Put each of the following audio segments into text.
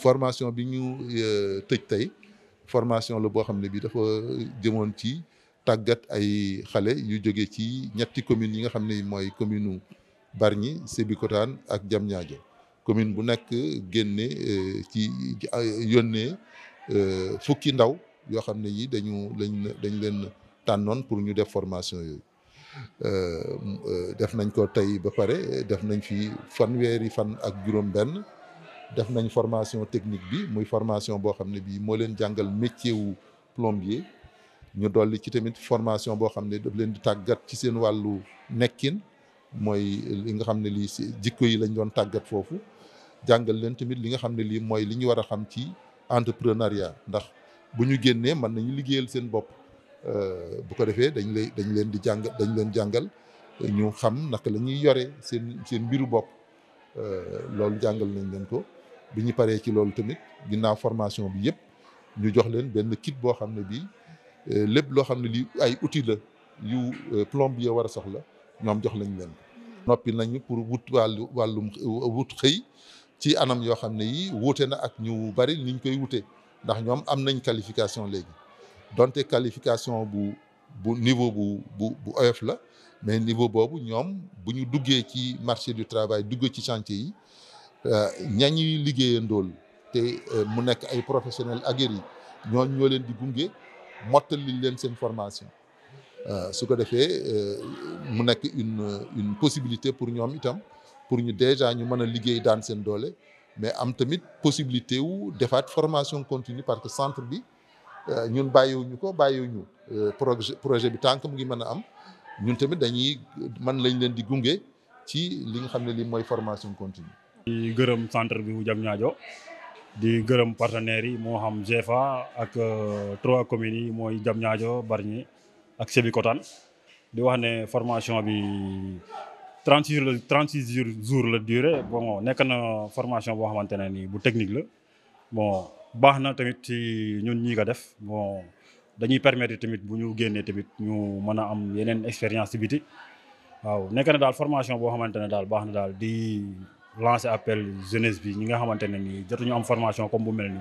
formation bi ñu euh, tëj tey formation la boo xam ne bi dafa jëmoon ci tàggat ay xale yu jóge ci ñetti communes yi nga xam ne mooy commune u ñi Sébikotane ak Diamniadio commune bu nekk génne euh, ci yónnee euh, fukki ndaw yoo xam ne yi dañu lañ dañ leen tànnoon pour ñu def formation yooyu def nañ ko tey ba pare def nañ fi fanweeri fan ak juróom benn def nañ formation technique bi muy formation boo xam ne bii moo leen jàngal métier wu plombier ñu dolli ci tamit formation boo xam ne daf leen di tàggat ci seen wàllu nekkin mooy li nga xam ne lii si jikko yi lañ doon tàggat foofu jàngal leen tamit li nga xam ne lii mooy li ñu war a xam ci entrepreneuriat ndax bu ñu génnee mën nañu liggéeyal seen bopp euh, bu ko defee dañ lay dañ leen di jàng dañ leen jàngal ñu xam naka lañuy yore seen seen mbiru bopp euh, loolu jàngal nañ leen ko bi ñu paree ci loolu tamit ginnaaw formation bi yépp ñu jox leen ben kit bo xamné bi euh, lepp lo xamné li ay outils la yu euh, plombier war a soxla ñoom jox lañ leen nopi nañu pour wut wàllu wàllum euh, wut xey ci anam yo xamné yi wuute na ak ñu bari niñ koy wuté ndax ñom am nañ qualification légui donté qualification bu bu niveau bu bu bu oyof la mais niveau bobu ñom buñu duggé ci marché du travail duggé ci chantier yi Euh, ñañuy liggéeyandool te euh, mu nekk ay professionnels aguerris ñoom ñoo leen di gunge liñ leen seen formation euh, su ko defee mu nekk une une possibilité pour ñoom itam pour ñu déjà ñu mën a liggéey daan seen doole mais am tamit possibilité wu defaat formation continue parce que centre bi ñun bàyyiwuñu ko bàyyiwuñu projet projet bi tànk mu ngi mën a am ñun tamit dañuy man lañ leen di gunge ci li nga xam ne lii mooy formation continue gërëm centre bi bu Diamniadio di gërëm partenaires yi moo xam GFA ak euh, trois communes yi mooy Diamniadio Bargny ak Sébikotane di wax formation bi trente six jours la trente six jours la durée bon nekk na formation boo xamante ne nii bu technique la bon baax na tamit ci ñun ñii ko def bon dañuy permettre tamit bu ñu génnee tamit ñu mën a am yeneen expérience ci biti waaw nekk na daal formation boo xamante ne daal baax na daal di. lancé appel jeunesse bi ñi nga xamante ne nii am formation comme bu melni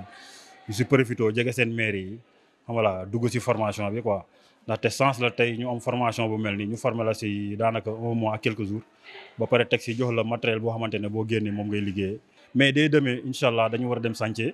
je ñu si profité sen maire yi xam wala dugg ci formation bi quoi ndaxte sens la tay ñu am formation bu melni ñu formé la ci danaka un mois à quelques jours ba paré teg si jox la matériel bo xamante ne boo génnee moom ngay liggéeyee mais dès demain incha dañu wara a dem chantier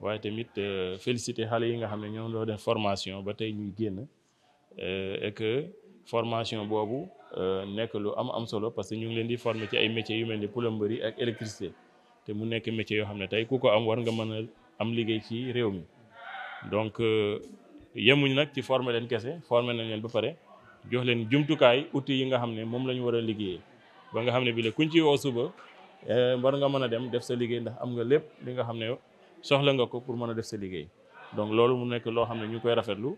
waaye tamit euh, félicité xale yi nga xam ne ñoom loo def formation ba tey ñuy génn euh, et que formation boobu euh, nekk lu am am solo parce que ñu ngi leen di former ci ay métiers yu mel ni plomberie ak électricité te mu nekk métiers yoo xam ne tey ku ko am war nga mën a am liggéey ci réew mi donc yemuñ nag ci former leen kese former nañ leen ba pare jox leen jumtukaay outils yi nga xam ne moom la ñu war a liggéeyee ba nga xam ne bi la kuñ ci woo suba war nga mën a dem def sa liggéey ndax am nga lépp li nga xam ne soxla nga ko pour mën a def sa liggéey donc loolu mu nekk loo xam ne ñu koy rafetlu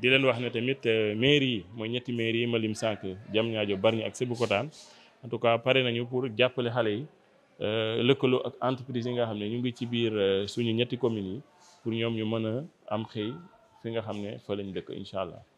di leen wax ne tamit euh, maire yi mooy ñetti maire yi malim sànq jam ñaajo barñi ak sébu kotaan en tout cas pare nañu pour jàppale xale yi euh, lëkkaloo ak entreprise yi nga xam ne ñu ngi ci biir euh, suñu ñetti communes yi pour ñoom ñu mën a am xëy fi nga xam ne fa lañ dëkk incha allah